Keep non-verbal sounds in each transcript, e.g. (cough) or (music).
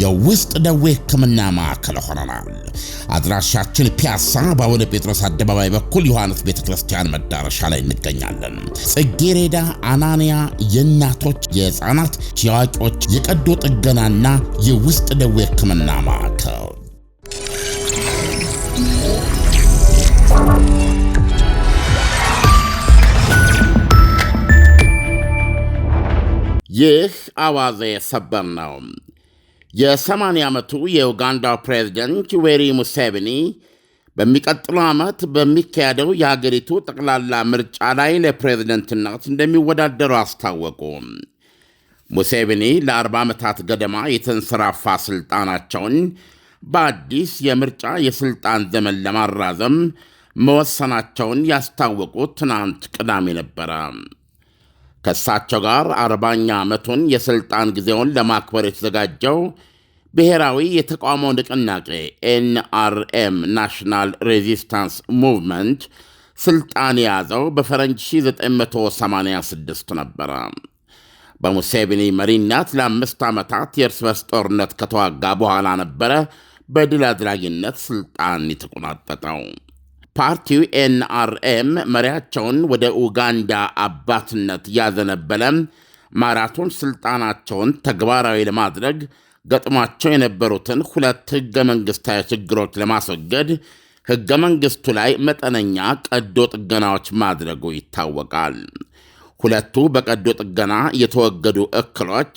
የውስጥ ደዌ ሕክምና ማዕከል ሆነናል። አድራሻችን ፒያሳ በአቡነ ጴጥሮስ አደባባይ በኩል ዮሐንስ ቤተ ክርስቲያን መዳረሻ ላይ እንገኛለን። ጽጌሬዳ፣ አናንያ፣ የእናቶች የህፃናት፣ የአዋቂዎች የቀዶ ጥገናና የውስጥ ደዌ ሕክምና ማዕከል ይህ አዋዜ ሰበር ነው። የ80 ዓመቱ የኡጋንዳው ፕሬዝደንት ዌሪ ሙሴቪኒ በሚቀጥለው ዓመት በሚካሄደው የሀገሪቱ ጠቅላላ ምርጫ ላይ ለፕሬዝደንትነት እንደሚወዳደሩ አስታወቁ። ሙሴቪኒ ለ40 ዓመታት ገደማ የተንሰራፋ ሥልጣናቸውን በአዲስ የምርጫ የሥልጣን ዘመን ለማራዘም መወሰናቸውን ያስታወቁት ትናንት ቅዳሜ ነበረ። ከእሳቸው ጋር አርባኛ ዓመቱን የሥልጣን ጊዜውን ለማክበር የተዘጋጀው ብሔራዊ የተቃውሞ ንቅናቄ ኤንአርኤም ናሽናል ሬዚስታንስ ሙቭመንት ስልጣን የያዘው በፈረንጅ 1986 ነበረ። በሙሴቪኒ መሪነት ለአምስት ዓመታት የእርስ በርስ ጦርነት ከተዋጋ በኋላ ነበረ በድል አድራጊነት ስልጣን የተቆናጠጠው። ፓርቲው ኤንአርኤም መሪያቸውን ወደ ኡጋንዳ አባትነት ያዘነበለ ማራቶን ስልጣናቸውን ተግባራዊ ለማድረግ ገጥሟቸው የነበሩትን ሁለት ህገ መንግሥታዊ ችግሮች ለማስወገድ ህገ መንግሥቱ ላይ መጠነኛ ቀዶ ጥገናዎች ማድረጉ ይታወቃል። ሁለቱ በቀዶ ጥገና የተወገዱ እክሎች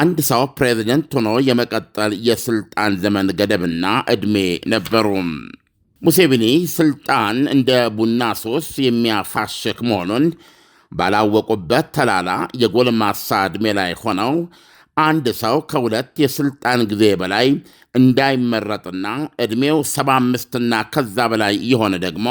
አንድ ሰው ፕሬዚደንት ሆኖ የመቀጠል የሥልጣን ዘመን ገደብና ዕድሜ ነበሩ። ሙሴቪኒ ስልጣን እንደ ቡና ሶስ የሚያፋሽክ መሆኑን ባላወቁበት ተላላ የጎልማሳ ዕድሜ ላይ ሆነው አንድ ሰው ከሁለት የስልጣን ጊዜ በላይ እንዳይመረጥና ዕድሜው 75 እና ከዛ በላይ የሆነ ደግሞ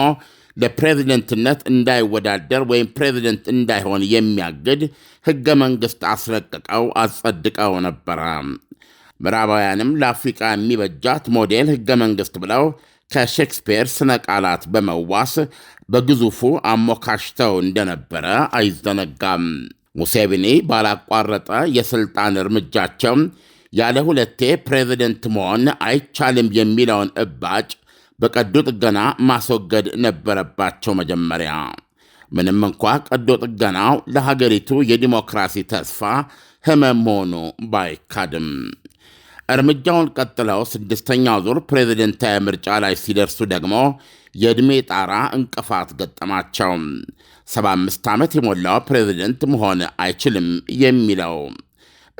ለፕሬዚደንትነት እንዳይወዳደር ወይም ፕሬዚደንት እንዳይሆን የሚያግድ ሕገ መንግሥት አስረቅቀው አጸድቀው ነበረ። ምዕራባውያንም ለአፍሪቃ የሚበጃት ሞዴል ሕገ መንግሥት ብለው ከሼክስፒር ስነ ቃላት በመዋስ በግዙፉ አሞካሽተው እንደነበረ አይዘነጋም። ሙሴቪኒ ባላቋረጠ የሥልጣን እርምጃቸው ያለ ሁለቴ ፕሬዚደንት መሆን አይቻልም የሚለውን እባጭ በቀዶ ጥገና ማስወገድ ነበረባቸው። መጀመሪያ ምንም እንኳ ቀዶ ጥገናው ለሀገሪቱ የዲሞክራሲ ተስፋ ህመም መሆኑ ባይካድም እርምጃውን ቀጥለው ስድስተኛው ዙር ፕሬዝደንታዊ ምርጫ ላይ ሲደርሱ ደግሞ የዕድሜ ጣራ እንቅፋት ገጠማቸው። 75 ዓመት የሞላው ፕሬዝደንት መሆን አይችልም የሚለው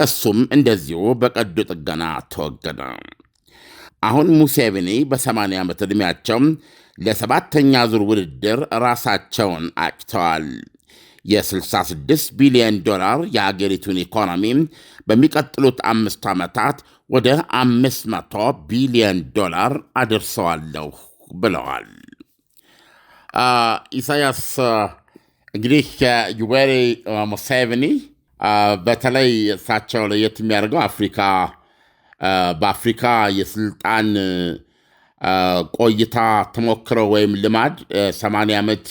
እሱም እንደዚሁ በቀዶ ጥገና ተወገደ። አሁን ሙሴቪኒ በ80 ዓመት ዕድሜያቸው ለሰባተኛ ዙር ውድድር ራሳቸውን አጭተዋል። የ66 ቢሊዮን ዶላር የአገሪቱን ኢኮኖሚ በሚቀጥሉት አምስት ዓመታት ወደ 500 ቢሊዮን ዶላር አደርሰዋለሁ ብለዋል። ኢሳያስ እንግዲህ ዩዌሪ ሙሴቬኒ በተለይ እሳቸው ለየት የሚያደርገው አፍሪካ በአፍሪካ የስልጣን ቆይታ ተሞክረው ወይም ልማድ 80 ዓመት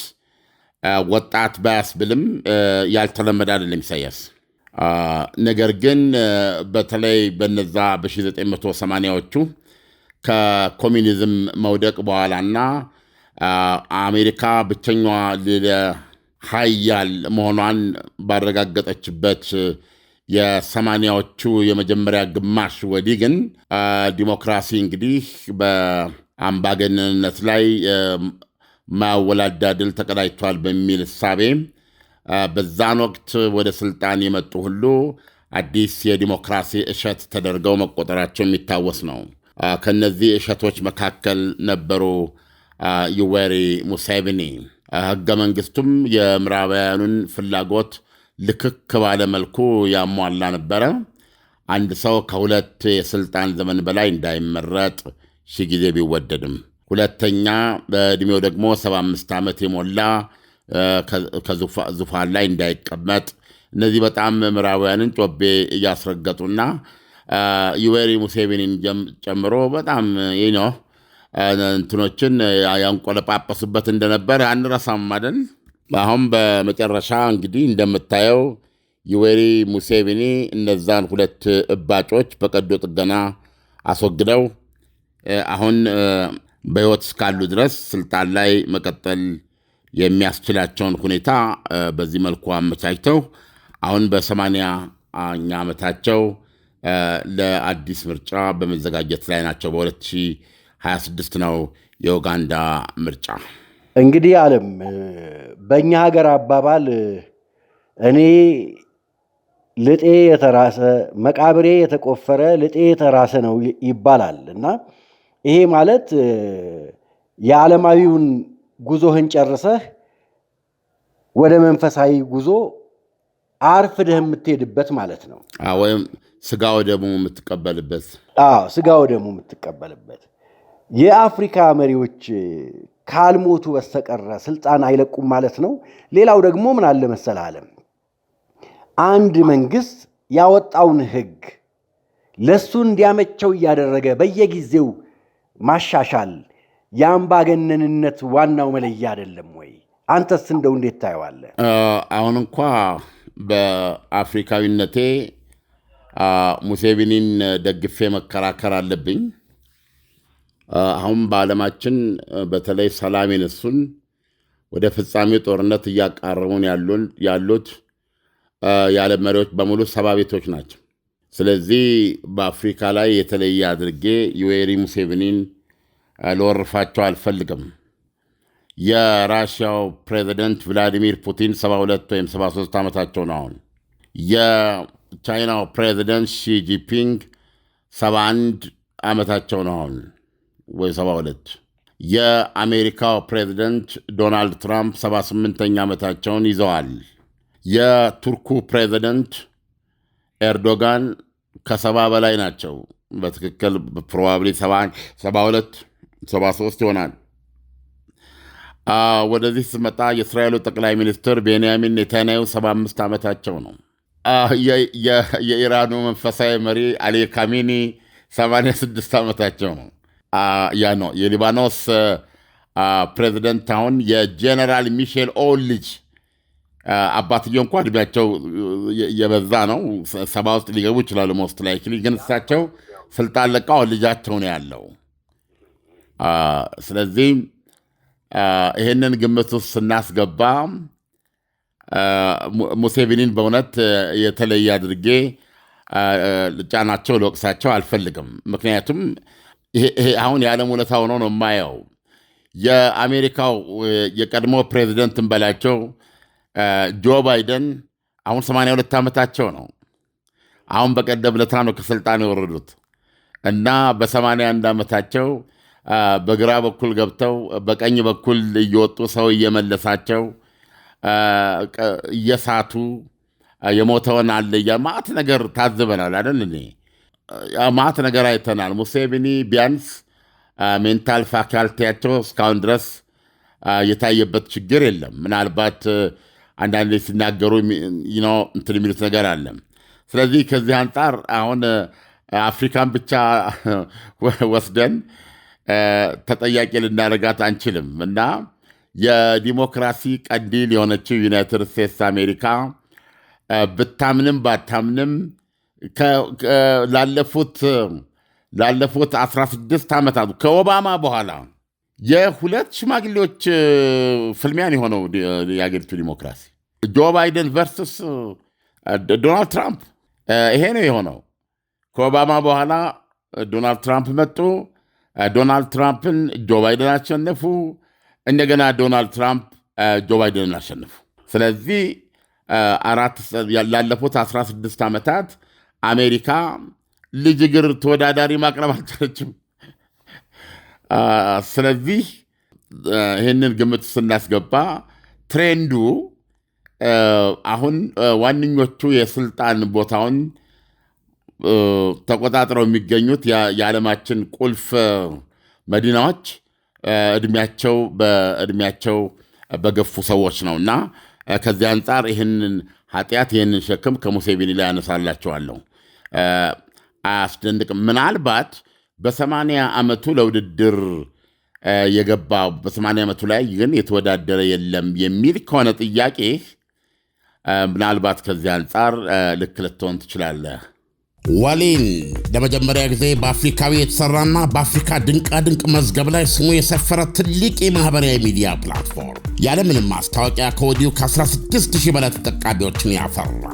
ወጣት ባያስብልም ያልተለመደ አይደለም ኢሳያስ። ነገር ግን በተለይ በነዛ በ1980ዎቹ ከኮሚኒዝም መውደቅ በኋላና አሜሪካ ብቸኛዋ ሌለ ሀያል መሆኗን ባረጋገጠችበት የሰማኒያዎቹ የመጀመሪያ ግማሽ ወዲህ ግን ዲሞክራሲ እንግዲህ በአምባገነንነት ላይ ማያወላዳ ድል ተቀዳጅቷል በሚል እሳቤ በዛን ወቅት ወደ ስልጣን የመጡ ሁሉ አዲስ የዲሞክራሲ እሸት ተደርገው መቆጠራቸው የሚታወስ ነው። ከነዚህ እሸቶች መካከል ነበሩ ዩዌሪ ሙሴቪኒ። ሕገ መንግስቱም የምዕራባውያኑን ፍላጎት ልክክ ባለ መልኩ ያሟላ ነበረ። አንድ ሰው ከሁለት የስልጣን ዘመን በላይ እንዳይመረጥ ሺ ጊዜ ቢወደድም ሁለተኛ በእድሜው ደግሞ 75 ዓመት የሞላ ከዙፋን ላይ እንዳይቀመጥ። እነዚህ በጣም ምዕራባውያንን ጮቤ እያስረገጡና ዩዌሪ ሙሴቪኒን ጨምሮ በጣም ይኖ እንትኖችን ያንቆለጳጳሱበት እንደነበር አንረሳም አይደል? አሁን በመጨረሻ እንግዲህ እንደምታየው ዩዌሪ ሙሴቪኒ እነዛን ሁለት እባጮች በቀዶ ጥገና አስወግደው አሁን በሕይወት እስካሉ ድረስ ስልጣን ላይ መቀጠል የሚያስችላቸውን ሁኔታ በዚህ መልኩ አመቻችተው አሁን በሰማንያኛ ዓመታቸው ለአዲስ ምርጫ በመዘጋጀት ላይ ናቸው። በ2026 ነው የኡጋንዳ ምርጫ። እንግዲህ ዓለም በእኛ ሀገር አባባል እኔ ልጤ የተራሰ መቃብሬ የተቆፈረ ልጤ የተራሰ ነው ይባላል እና ይሄ ማለት የዓለማዊውን ጉዞህን ጨርሰህ ወደ መንፈሳዊ ጉዞ አርፍደህ የምትሄድበት ማለት ነው። ወይም ስጋ ወደሙ የምትቀበልበት ስጋ ወደሙ የምትቀበልበት የአፍሪካ መሪዎች ካልሞቱ በስተቀረ ስልጣን አይለቁም ማለት ነው። ሌላው ደግሞ ምን አለ መሰለህ ዓለም አንድ መንግስት ያወጣውን ህግ ለሱ እንዲያመቸው እያደረገ በየጊዜው ማሻሻል የአምባገነንነት ዋናው መለያ አይደለም ወይ? አንተስ እንደው እንዴት ታየዋለህ? አሁን እንኳ በአፍሪካዊነቴ ሙሴቪኒን ደግፌ መከራከር አለብኝ። አሁን በዓለማችን በተለይ ሰላም የነሱን ወደ ፍጻሜ ጦርነት እያቃረሙን ያሉት የዓለም መሪዎች በሙሉ ሰባ ቤቶች ናቸው። ስለዚህ በአፍሪካ ላይ የተለየ አድርጌ ዩዌሪ ሙሴቪኒን ልወርፋቸው አልፈልግም። የራሽያው ፕሬዚደንት ቭላዲሚር ፑቲን 72 ወይም 73 ዓመታቸው ነው አሁን። የቻይናው ፕሬዚደንት ሺጂፒንግ 71 ዓመታቸው ነው አሁን ወይ 72። የአሜሪካው ፕሬዚደንት ዶናልድ ትራምፕ 78ኛ ዓመታቸውን ይዘዋል። የቱርኩ ፕሬዚደንት ኤርዶጋን ከሰባ በላይ ናቸው። በትክክል ፕሮባብሊ ሰባ ሁለት ሰባ ሶስት ይሆናል። ወደዚህ ስመጣ የእስራኤሉ ጠቅላይ ሚኒስትር ቤንያሚን ኔታንያሁ ሰባ አምስት ዓመታቸው ነው። የኢራኑ መንፈሳዊ መሪ አሊ ካሚኒ ሰማንያ ስድስት ዓመታቸው ነው። ያ ነው የሊባኖስ ፕሬዚደንት አሁን የጄኔራል ሚሼል ኦልጅ። ልጅ Uh, አባትየው እንኳ እድሜያቸው uh, የበዛ ነው፣ ሰባ ውስጥ ሊገቡ ይችላሉ። ሞስት ላይክሊ ግን እሳቸው ስልጣን ለቀው ልጃቸው ነው ያለው። uh, ስለዚህ ይህንን ግምት ውስጥ ስናስገባ ሙሴቪኒን በእውነት የተለየ አድርጌ ልጫናቸው ልወቅሳቸው አልፈልግም። ምክንያቱም ይሄ አሁን የዓለም ውነታ ሆኖ ነው የማየው። የአሜሪካው የቀድሞ ፕሬዚደንትን በላቸው ጆ ባይደን አሁን 82 ዓመታቸው ነው። አሁን በቀደም ለታ ነው ከስልጣን የወረዱት እና በ81 ዓመታቸው በግራ በኩል ገብተው በቀኝ በኩል እየወጡ ሰው እየመለሳቸው እየሳቱ የሞተውን አለ እያ ማዕት ነገር ታዝበናል አይደል? እኔ ነገር አይተናል። ሙሴቪኒ ቢያንስ ሜንታል ፋካልቲያቸው እስካሁን ድረስ የታየበት ችግር የለም። ምናልባት አንዳንዴ ሲናገሩ ነው እንትን የሚሉት ነገር አለ። ስለዚህ ከዚህ አንጻር አሁን አፍሪካን ብቻ (laughs) ወስደን ተጠያቂ ልናደርጋት አንችልም እና የዲሞክራሲ ቀንዲል የሆነችው ዩናይትድ ስቴትስ አሜሪካ ብታምንም ባታምንም ላለፉት ላለፉት 16 ዓመታት ከኦባማ በኋላ የሁለት ሽማግሌዎች ፍልሚያን የሆነው የአገሪቱ ዲሞክራሲ ጆ ባይደን ቨርስስ ዶናልድ ትራምፕ ይሄ ነው የሆነው። ከኦባማ በኋላ ዶናልድ ትራምፕ መጡ። ዶናልድ ትራምፕን ጆ ባይደን አሸነፉ። እንደገና ዶናልድ ትራምፕ ጆ ባይደንን አሸነፉ። ስለዚህ ላለፉት 16 ዓመታት አሜሪካ ልጅ እግር ተወዳዳሪ ማቅረብ አልቻለችም። ስለዚህ ይህንን ግምት ስናስገባ ትሬንዱ አሁን ዋነኞቹ የስልጣን ቦታውን ተቆጣጥረው የሚገኙት የዓለማችን ቁልፍ መዲናዎች እድሜያቸው በእድሜያቸው በገፉ ሰዎች ነው እና ከዚህ አንጻር ይህንን ኃጢአት ይህንን ሸክም ከሙሴቢኒ ላይ ያነሳላቸዋለሁ። አያስደንቅም ምናልባት በሰማንያ ዓመቱ ለውድድር የገባ በሰማንያ ዓመቱ ላይ ግን የተወዳደረ የለም የሚል ከሆነ ጥያቄ ምናልባት ከዚህ አንጻር ልክ ልትሆን ትችላለህ። ወሊን ለመጀመሪያ ጊዜ በአፍሪካዊ የተሰራና በአፍሪካ ድንቃድንቅ መዝገብ ላይ ስሙ የሰፈረ ትልቅ የማህበራዊ ሚዲያ ፕላትፎርም ያለምንም ማስታወቂያ ከወዲሁ ከ16000 በላይ ተጠቃሚዎችን ያፈራ።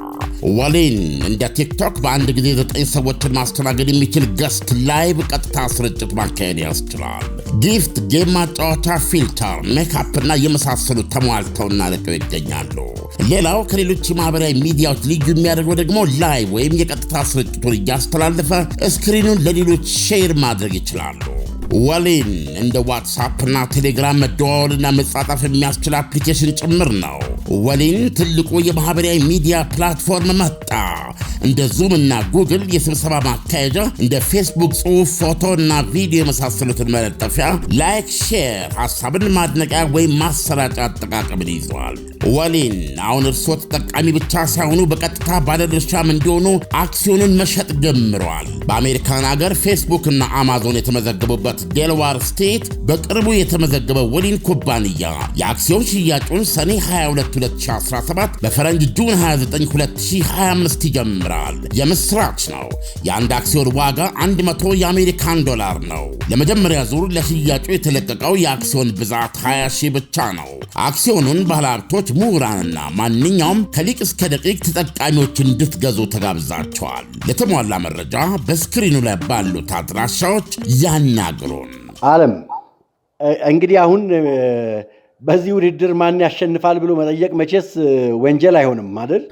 ወሊን እንደ ቲክቶክ በአንድ ጊዜ ዘጠኝ ሰዎችን ማስተናገድ የሚችል ገስት ላይቭ ቀጥታ ስርጭት ማካሄድ ያስችላል። ጊፍት፣ ጌም ማጫወቻ፣ ፊልተር፣ ሜካፕ እና የመሳሰሉ ተሟልተውና ለቀው ይገኛሉ። ሌላው ከሌሎች የማህበራዊ ሚዲያዎች ልዩ የሚያደርገው ደግሞ ላይቭ ወይም የቀጥታ ስርጭ መልእክቱን እያስተላለፈ ስክሪኑን ለሌሎች ሼር ማድረግ ይችላሉ። ወሊን እንደ ዋትሳፕና ቴሌግራም መደዋወልና መጻጣፍ የሚያስችል አፕሊኬሽን ጭምር ነው። ወሊን ትልቁ የማህበራዊ ሚዲያ ፕላትፎርም መጣ። እንደ ዙም እና ጉግል የስብሰባ ማካሄጃ፣ እንደ ፌስቡክ ጽሑፍ፣ ፎቶ እና ቪዲዮ የመሳሰሉትን መለጠፊያ፣ ላይክ፣ ሼር፣ ሀሳብን ማድነቂያ ወይም ማሰራጫ አጠቃቀምን ይዘዋል። ወሊን አሁን እርስዎ ተጠቃሚ ብቻ ሳይሆኑ በቀጥታ ባለድርሻም እንዲሆኑ አክሲዮንን መሸጥ ጀምረዋል። በአሜሪካን አገር ፌስቡክ እና አማዞን የተመዘገቡበት ዴልዋር ስቴት በቅርቡ የተመዘገበ ወሊን ኩባንያ የአክሲዮን ሽያጩን ሰኔ 22 2017 በፈረንጅ ጁን 29 2025 ይጀምራል። ይጀምራል። የምስራች ነው። የአንድ አክሲዮን ዋጋ 100 የአሜሪካን ዶላር ነው። ለመጀመሪያ ዙር ለሽያጩ የተለቀቀው የአክሲዮን ብዛት 20 ሺህ ብቻ ነው። አክሲዮኑን ባለሀብቶች፣ ምሁራንና ማንኛውም ከሊቅ እስከ ደቂቅ ተጠቃሚዎች እንድትገዙ ተጋብዛቸዋል። ለተሟላ መረጃ በስክሪኑ ላይ ባሉት አድራሻዎች ያናግሩን። አለም እንግዲህ አሁን በዚህ ውድድር ማን ያሸንፋል ብሎ መጠየቅ መቼስ ወንጀል አይሆንም አይደል?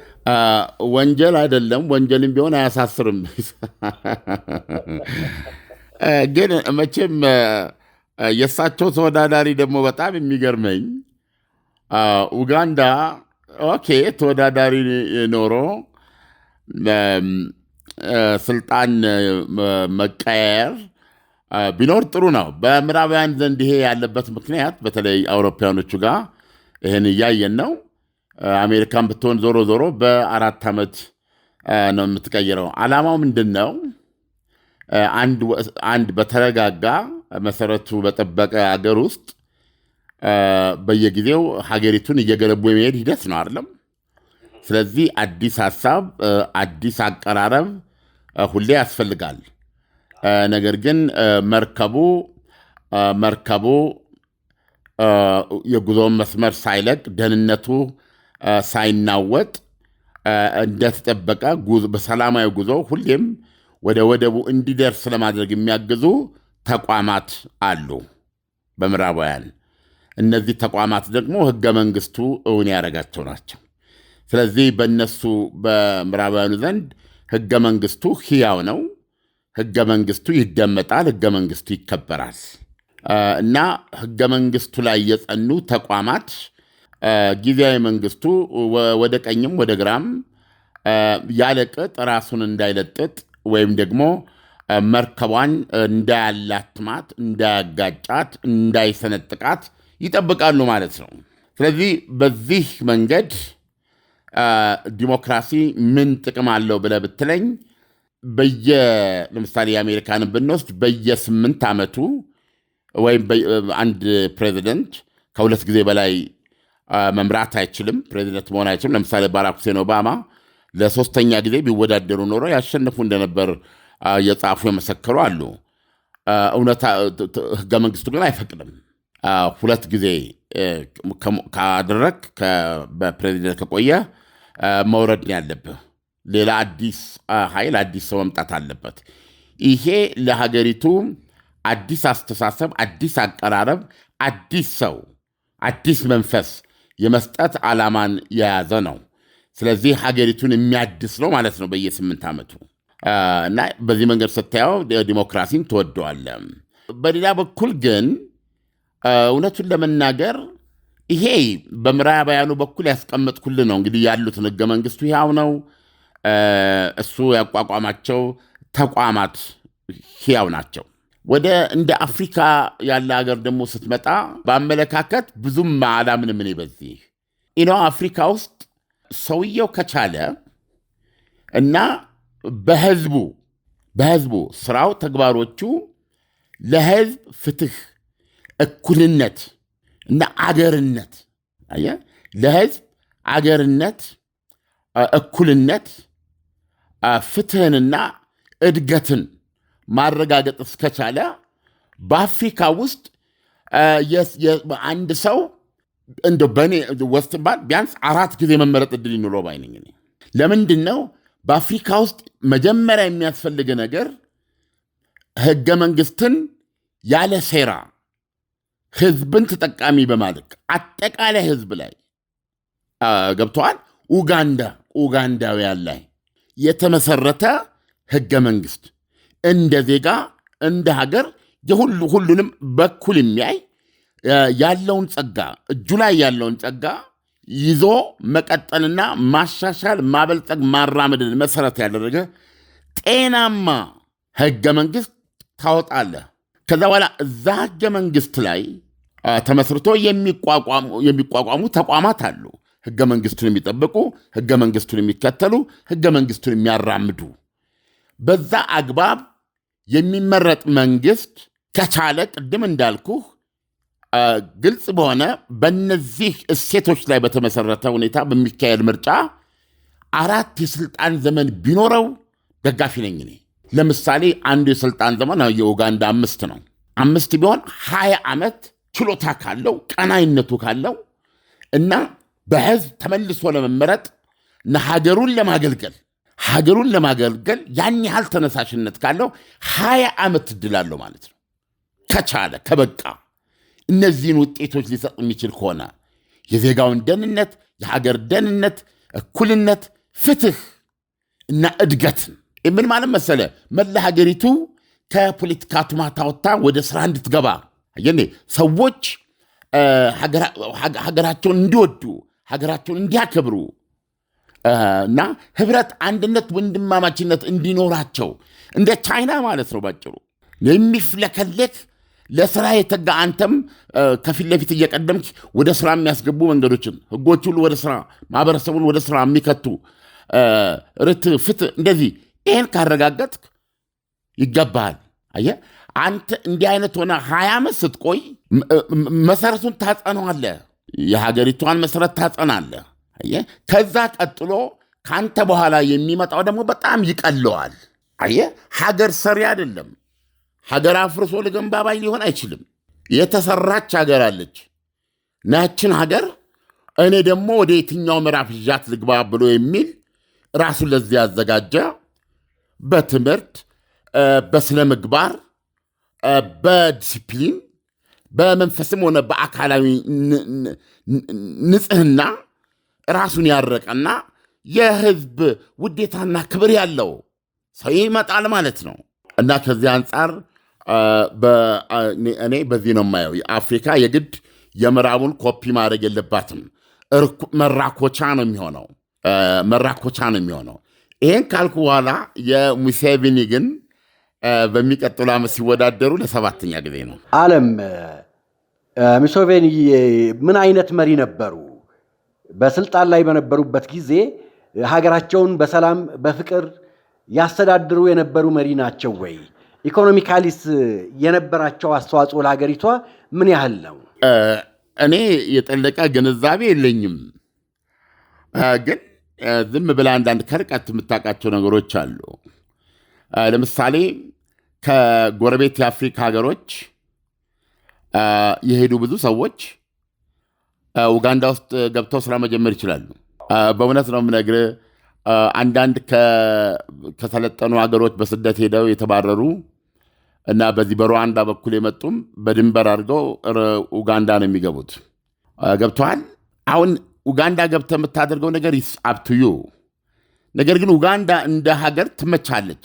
ወንጀል አይደለም። ወንጀልም ቢሆን አያሳስርም። ግን መቼም የእሳቸው ተወዳዳሪ ደግሞ በጣም የሚገርመኝ ኡጋንዳ ኦኬ ተወዳዳሪ ኖሮ ስልጣን መቀየር ቢኖር ጥሩ ነው። በምዕራባውያን ዘንድ ይሄ ያለበት ምክንያት በተለይ አውሮፓውያኖቹ ጋር ይህን እያየን ነው። አሜሪካን ብትሆን ዞሮ ዞሮ በአራት ዓመት ነው የምትቀይረው። ዓላማው ምንድን ነው? አንድ በተረጋጋ መሰረቱ በጠበቀ ሀገር ውስጥ በየጊዜው ሀገሪቱን እየገለቡ የመሄድ ሂደት ነው አይደለም። ስለዚህ አዲስ ሀሳብ፣ አዲስ አቀራረብ ሁሌ ያስፈልጋል። ነገር ግን መርከቡ መርከቡ የጉዞውን መስመር ሳይለቅ ደህንነቱ ሳይናወጥ እንደተጠበቀ በሰላማዊ ጉዞ ሁሌም ወደ ወደቡ እንዲደርስ ለማድረግ የሚያግዙ ተቋማት አሉ በምዕራባውያን። እነዚህ ተቋማት ደግሞ ህገ መንግስቱ እውን ያደረጋቸው ናቸው። ስለዚህ በእነሱ በምዕራባውያኑ ዘንድ ህገ መንግስቱ ህያው ነው። ህገ መንግስቱ ይደመጣል። ህገ መንግስቱ ይከበራል እና ህገ መንግስቱ ላይ የጸኑ ተቋማት ጊዜያዊ መንግስቱ ወደ ቀኝም ወደ ግራም ያለቅጥ ራሱን እንዳይለጥጥ ወይም ደግሞ መርከቧን እንዳያላትማት፣ እንዳያጋጫት፣ እንዳይሰነጥቃት ይጠብቃሉ ማለት ነው። ስለዚህ በዚህ መንገድ ዲሞክራሲ ምን ጥቅም አለው ብለህ ብትለኝ በየ ለምሳሌ የአሜሪካንን ብንወስድ በየስምንት ዓመቱ ወይም አንድ ፕሬዚደንት ከሁለት ጊዜ በላይ መምራት አይችልም፣ ፕሬዚደንት መሆን አይችልም። ለምሳሌ ባራክ ሁሴን ኦባማ ለሶስተኛ ጊዜ ቢወዳደሩ ኖሮ ያሸነፉ እንደነበር የጻፉ የመሰከሩ አሉ። እውነታ ህገ መንግስቱ ግን አይፈቅድም። ሁለት ጊዜ ካደረግ በፕሬዚደንት ከቆየ መውረድ ነው ያለብህ። ሌላ አዲስ ኃይል አዲስ ሰው መምጣት አለበት። ይሄ ለሀገሪቱ አዲስ አስተሳሰብ፣ አዲስ አቀራረብ፣ አዲስ ሰው፣ አዲስ መንፈስ የመስጠት ዓላማን የያዘ ነው። ስለዚህ ሀገሪቱን የሚያድስ ነው ማለት ነው በየስምንት ዓመቱ እና በዚህ መንገድ ስታየው ዲሞክራሲን ትወደዋለ። በሌላ በኩል ግን እውነቱን ለመናገር ይሄ በምዕራባውያኑ በኩል ያስቀመጥኩል ነው እንግዲህ ያሉትን ህገ መንግስቱ ህያው ነው። እሱ ያቋቋማቸው ተቋማት ህያው ናቸው። ወደ እንደ አፍሪካ ያለ ሀገር ደግሞ ስትመጣ በአመለካከት ብዙም አላምንም እኔ በዚህ ኢኖ አፍሪካ ውስጥ ሰውየው ከቻለ እና በህዝቡ በህዝቡ ስራው፣ ተግባሮቹ ለህዝብ ፍትህ፣ እኩልነት እና አገርነት ለህዝብ አገርነት፣ እኩልነት፣ ፍትህንና እድገትን ማረጋገጥ እስከቻለ በአፍሪካ ውስጥ አንድ ሰው እንደ በእኔ ወስጥ ባል ቢያንስ አራት ጊዜ መመረጥ እድል ይኑረው ባይነኝ። ለምንድን ነው በአፍሪካ ውስጥ መጀመሪያ የሚያስፈልግ ነገር ህገ መንግስትን ያለ ሴራ ህዝብን ተጠቃሚ በማድረግ አጠቃላይ ህዝብ ላይ ገብተዋል። ኡጋንዳ ኡጋንዳውያን ላይ የተመሰረተ ህገ መንግስት እንደ ዜጋ እንደ ሀገር የሁሉ ሁሉንም በኩል የሚያይ ያለውን ጸጋ እጁ ላይ ያለውን ጸጋ ይዞ መቀጠልና ማሻሻል፣ ማበልጸግ፣ ማራመድን መሰረት ያደረገ ጤናማ ህገ መንግስት ታወጣለህ። ከዛ በኋላ እዛ ህገ መንግስት ላይ ተመስርቶ የሚቋቋሙ ተቋማት አሉ። ህገ መንግስቱን የሚጠብቁ፣ ህገ መንግስቱን የሚከተሉ፣ ህገ መንግስቱን የሚያራምዱ በዛ አግባብ የሚመረጥ መንግስት ከቻለ ቅድም እንዳልኩህ ግልጽ በሆነ በነዚህ እሴቶች ላይ በተመሰረተ ሁኔታ በሚካሄድ ምርጫ አራት የስልጣን ዘመን ቢኖረው ደጋፊ ነኝ እኔ። ለምሳሌ አንዱ የስልጣን ዘመን የኡጋንዳ አምስት ነው። አምስት ቢሆን ሀያ ዓመት ችሎታ ካለው ቀናይነቱ ካለው እና በህዝብ ተመልሶ ለመመረጥ ሀገሩን ለማገልገል ሀገሩን ለማገልገል ያን ያህል ተነሳሽነት ካለው ሀያ ዓመት እድል ማለት ነው። ከቻለ ከበቃ እነዚህን ውጤቶች ሊሰጥ የሚችል ከሆነ የዜጋውን ደህንነት፣ የሀገር ደህንነት፣ እኩልነት፣ ፍትህ እና እድገትን የምን ማለት መሰለ መላ ሀገሪቱ ከፖለቲካ ቱማታ ወጥታ ወደ ስራ እንድትገባ የኔ ሰዎች ሀገራቸውን እንዲወዱ ሀገራቸውን እንዲያከብሩ እና ህብረት፣ አንድነት፣ ወንድማማችነት እንዲኖራቸው እንደ ቻይና ማለት ነው ባጭሩ የሚፍለከለክ ለስራ የተጋ አንተም ከፊት ለፊት እየቀደምክ ወደ ስራ የሚያስገቡ መንገዶችን ህጎች ሁሉ ወደ ስራ ማህበረሰቡን ወደ ስራ የሚከቱ ርት ፍት እንደዚህ ይህን ካረጋገጥክ ይገባሃል። አየህ አንተ እንዲህ አይነት ሆነ ሀያ ዓመት ስትቆይ መሰረቱን ታጸነዋለህ። የሀገሪቷን መሰረት ታጸናለህ። አየ ከዛ ቀጥሎ ከአንተ በኋላ የሚመጣው ደግሞ በጣም ይቀለዋል። አየ ሀገር ሰሪ አይደለም። ሀገር አፍርሶ ልገንባ ባይ ሊሆን አይችልም። የተሰራች ሀገር አለች። ናችን ሀገር እኔ ደግሞ ወደ የትኛው ምዕራፍ ይዣት ልግባ ብሎ የሚል ራሱን ለዚህ ያዘጋጀ በትምህርት በስነ ምግባር በዲስፕሊን በመንፈስም ሆነ በአካላዊ ንጽህና ራሱን ያረቀና የህዝብ ውዴታና ክብር ያለው ሰው ይመጣል ማለት ነው እና ከዚህ አንጻር እኔ በዚህ ነው የማየው። አፍሪካ የግድ የምዕራቡን ኮፒ ማድረግ የለባትም። መራኮቻ ነው የሚሆነው መራኮቻ ነው የሚሆነው። ይህን ካልኩ በኋላ የሙሴቪኒ ግን በሚቀጥሉ ዓመት ሲወዳደሩ ለሰባተኛ ጊዜ ነው። አለም ሙሴቪኒ ምን አይነት መሪ ነበሩ? በስልጣን ላይ በነበሩበት ጊዜ ሀገራቸውን በሰላም በፍቅር ያስተዳድሩ የነበሩ መሪ ናቸው ወይ? ኢኮኖሚካሊስ የነበራቸው አስተዋጽኦ ለሀገሪቷ ምን ያህል ነው? እኔ የጠለቀ ግንዛቤ የለኝም፣ ግን ዝም ብለህ አንዳንድ ከርቀት የምታውቃቸው ነገሮች አሉ። ለምሳሌ ከጎረቤት የአፍሪካ ሀገሮች የሄዱ ብዙ ሰዎች ኡጋንዳ ውስጥ ገብተው ስራ መጀመር ይችላሉ። በእውነት ነው ምነግር አንዳንድ ከሰለጠኑ ሀገሮች በስደት ሄደው የተባረሩ እና በዚህ በሩዋንዳ በኩል የመጡም በድንበር አድርገው ኡጋንዳ ነው የሚገቡት። ገብተዋል። አሁን ኡጋንዳ ገብተ የምታደርገው ነገር አብትዩ ነገር ግን ኡጋንዳ እንደ ሀገር ትመቻለች።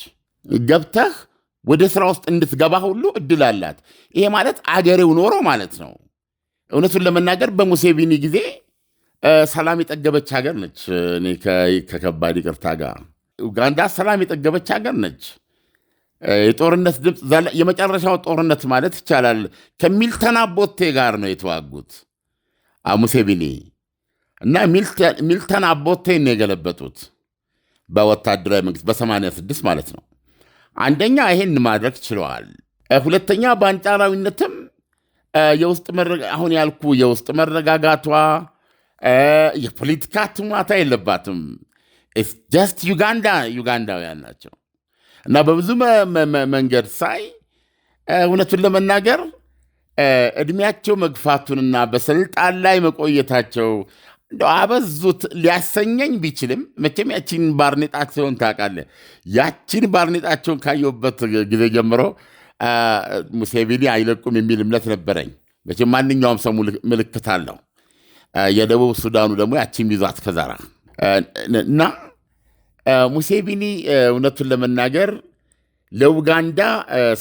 ገብተህ ወደ ስራ ውስጥ እንድትገባ ሁሉ እድል አላት። ይሄ ማለት አገሬው ኖሮ ማለት ነው። እውነቱን ለመናገር በሙሴቪኒ ጊዜ ሰላም የጠገበች ሀገር ነች። ከከባድ ይቅርታ ጋር ኡጋንዳ ሰላም የጠገበች ሀገር ነች። የጦርነት ድምፅ የመጨረሻው ጦርነት ማለት ይቻላል ከሚልተን አቦቴ ጋር ነው የተዋጉት ሙሴቪኒ እና ሚልተን አቦቴን ነው የገለበጡት በወታደራዊ መንግስት በ86 ማለት ነው። አንደኛ ይሄን ማድረግ ችለዋል። ሁለተኛ በአንጻራዊነትም የውስጥ አሁን ያልኩ የውስጥ መረጋጋቷ የፖለቲካ ትሟታ የለባትም። ጀስት ዩጋንዳ ዩጋንዳውያን ናቸው እና በብዙ መንገድ ሳይ እውነቱን ለመናገር እድሜያቸው መግፋቱንና በስልጣን ላይ መቆየታቸው እንደ አበዙት ሊያሰኘኝ ቢችልም መቼም ያቺን ባርኔጣቸውን ታውቃለህ። ያቺን ባርኔጣቸውን ካየሁበት ጊዜ ጀምሮ ሙሴቪኒ አይለቁም የሚል እምነት ነበረኝ። መቼም ማንኛውም ሰው ምልክት አለው። የደቡብ ሱዳኑ ደግሞ ያቺም ይዟት ከዛራ እና ሙሴቪኒ እውነቱን ለመናገር ለኡጋንዳ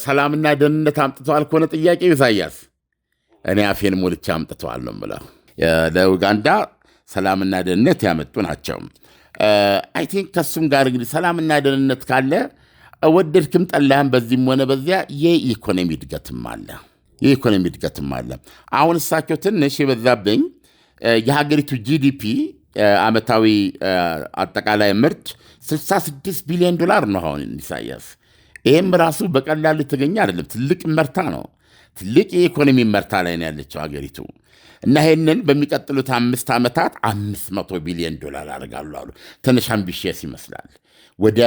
ሰላምና ደህንነት አምጥተዋል ከሆነ ጥያቄ ኢሳያስ፣ እኔ አፌን ሞልቼ አምጥተዋል ነው የምለው። ለኡጋንዳ ሰላምና ደህንነት ያመጡ ናቸው። አይ ቲንክ ከሱም ጋር እንግዲህ ሰላምና ደህንነት ካለ ወደድክም ጠላህም በዚህም ሆነ በዚያ የኢኮኖሚ እድገትም አለ የኢኮኖሚ እድገትም አለ። አሁን እሳቸው ትንሽ የበዛብኝ የሀገሪቱ ጂዲፒ አመታዊ አጠቃላይ ምርት 66 ቢሊዮን ዶላር ነው አሁን ኢሳያስ። ይህም ራሱ በቀላሉ የተገኘ አይደለም። ትልቅ መርታ ነው። ትልቅ የኢኮኖሚ መርታ ላይ ነው ያለችው ሀገሪቱ እና ይህንን በሚቀጥሉት አምስት ዓመታት 500 ቢሊዮን ዶላር አድርጋሉ አሉ። ትንሽ አምቢሽየስ ይመስላል። ወደ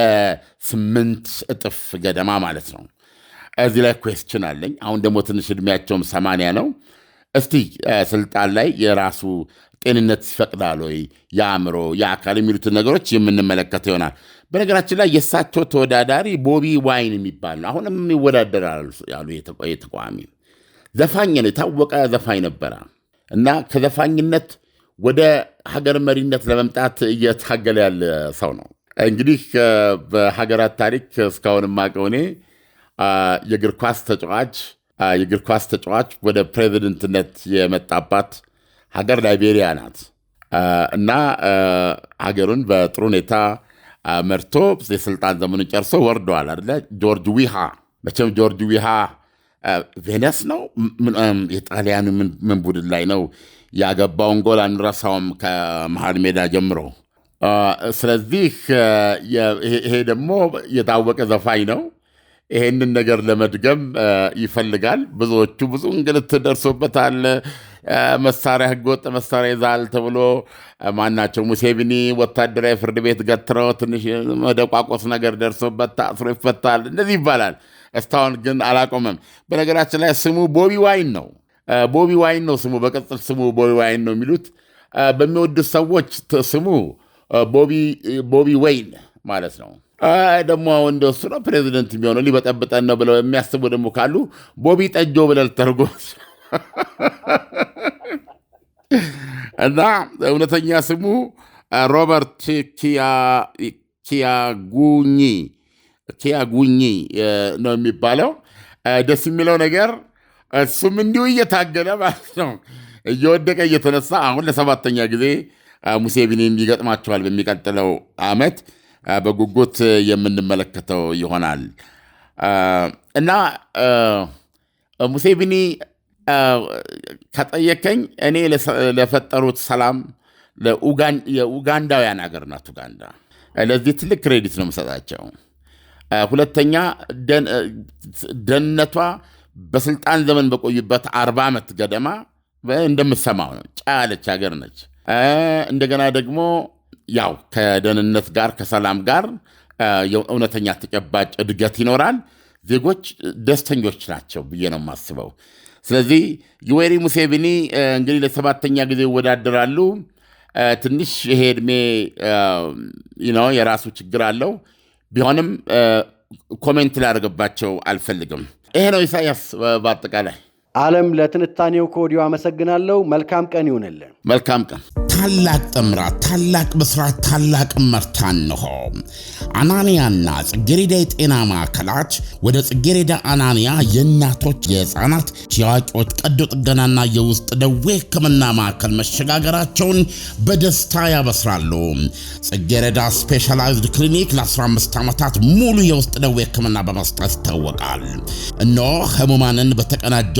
ስምንት እጥፍ ገደማ ማለት ነው። እዚህ ላይ ኩዌስችን አለኝ። አሁን ደግሞ ትንሽ እድሜያቸውም ሰማንያ ነው። እስቲ ስልጣን ላይ የራሱ ጤንነት ይፈቅዳል ወይ የአእምሮ የአካል የሚሉትን ነገሮች የምንመለከት ይሆናል። በነገራችን ላይ የእሳቸው ተወዳዳሪ ቦቢ ዋይን የሚባል ነው። አሁንም ይወዳደራል ያሉ የተቋሚ ዘፋኝ ነው። የታወቀ ዘፋኝ ነበረ እና ከዘፋኝነት ወደ ሀገር መሪነት ለመምጣት እየታገለ ያለ ሰው ነው። እንግዲህ በሀገራት ታሪክ እስካሁን የማውቀው እኔ የእግር ኳስ ተጫዋች የእግር ኳስ ተጫዋች ወደ ፕሬዚደንትነት የመጣባት ሀገር ላይቤሪያ ናት እና ሀገሩን በጥሩ ሁኔታ መርቶ የስልጣን ዘመኑን ጨርሶ ወርደዋል አለ ጆርጅ ዊሃ። መቼም ጆርጅ ዊሃ ቬነስ ነው የጣሊያኑ ምን ቡድን ላይ ነው ያገባውን ጎል አንረሳውም፣ ከመሀል ሜዳ ጀምሮ ስለዚህ ይሄ ደግሞ የታወቀ ዘፋኝ ነው። ይሄንን ነገር ለመድገም ይፈልጋል። ብዙዎቹ ብዙ እንግልት ደርሶበታል። መሳሪያ ህገወጥ መሳሪያ ይዛል ተብሎ ማናቸው ሙሴቪኒ ወታደራዊ ፍርድ ቤት ገትረው ትንሽ መደቋቆስ ነገር ደርሶበት ታስሮ ይፈታል፣ እንደዚህ ይባላል። እስታሁን ግን አላቆመም። በነገራችን ላይ ስሙ ቦቢ ዋይን ነው። ቦቢ ዋይን ነው ስሙ፣ በቅጽል ስሙ ቦቢ ዋይን ነው የሚሉት በሚወዱት ሰዎች ስሙ ቦቢ ወይን ማለት ነው። ደግሞ እንደ እሱ ነው ፕሬዚደንት የሚሆነው ሊበጠብጠን ነው ብለው የሚያስቡ ደግሞ ካሉ ቦቢ ጠጆ ብለል ተርጎ (laughs) እና እውነተኛ ስሙ ሮበርት ኪያጉኚ ኪያጉኚ ነው የሚባለው። ደስ የሚለው ነገር እሱም እንዲሁ እየታገለ ማለት ነው እየወደቀ እየተነሳ አሁን ለሰባተኛ ጊዜ ሙሴቪኒም ይገጥማቸዋል በሚቀጥለው ዓመት በጉጉት የምንመለከተው ይሆናል እና ሙሴቪኒ ከጠየከኝ እኔ ለፈጠሩት ሰላም የኡጋንዳውያን ሀገር ናት ኡጋንዳ። ለዚህ ትልቅ ክሬዲት ነው የምሰጣቸው። ሁለተኛ ደህንነቷ በስልጣን ዘመን በቆዩበት አርባ ዓመት ገደማ እንደምሰማው ነው። ጫ ያለች ሀገር ነች። እንደገና ደግሞ ያው ከደህንነት ጋር ከሰላም ጋር እውነተኛ ተጨባጭ እድገት ይኖራል። ዜጎች ደስተኞች ናቸው ብዬ ነው የማስበው። ስለዚህ ዩዌሪ ሙሴቪኒ እንግዲህ ለሰባተኛ ጊዜ ይወዳደራሉ። ትንሽ ይሄ እድሜ ነው የራሱ ችግር አለው። ቢሆንም ኮሜንት ላደርግባቸው አልፈልግም። ይሄ ነው ኢሳያስ በአጠቃላይ ዓለም ለትንታኔው ከወዲሁ አመሰግናለሁ። መልካም ቀን ይሁንልን። መልካም ቀን። ታላቅ ጥምራት፣ ታላቅ ብስራት፣ ታላቅ መርታ እንሆ አናንያና ጽጌሬዳ የጤና ማዕከላች ወደ ጽጌሬዳ አናንያ የእናቶች የህፃናት፣ የአዋቂዎች ቀዶ ጥገናና የውስጥ ደዌ ህክምና ማዕከል መሸጋገራቸውን በደስታ ያበስራሉ። ጽጌሬዳ ስፔሻላይዝድ ክሊኒክ ለ15 ዓመታት ሙሉ የውስጥ ደዌ ህክምና በመስጠት ይታወቃል። እነሆ ህሙማንን በተቀናጀ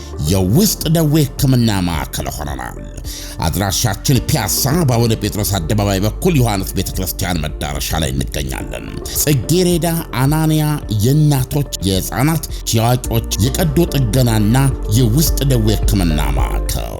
የውስጥ ደዌ ሕክምና ማዕከል ሆነናል። አድራሻችን ፒያሳ በአቡነ ጴጥሮስ አደባባይ በኩል ዮሐንስ ቤተ ክርስቲያን መዳረሻ ላይ እንገኛለን። ጽጌሬዳ፣ አናንያ የእናቶች የሕፃናት፣ የአዋቂዎች የቀዶ ጥገናና የውስጥ ደዌ ሕክምና ማዕከል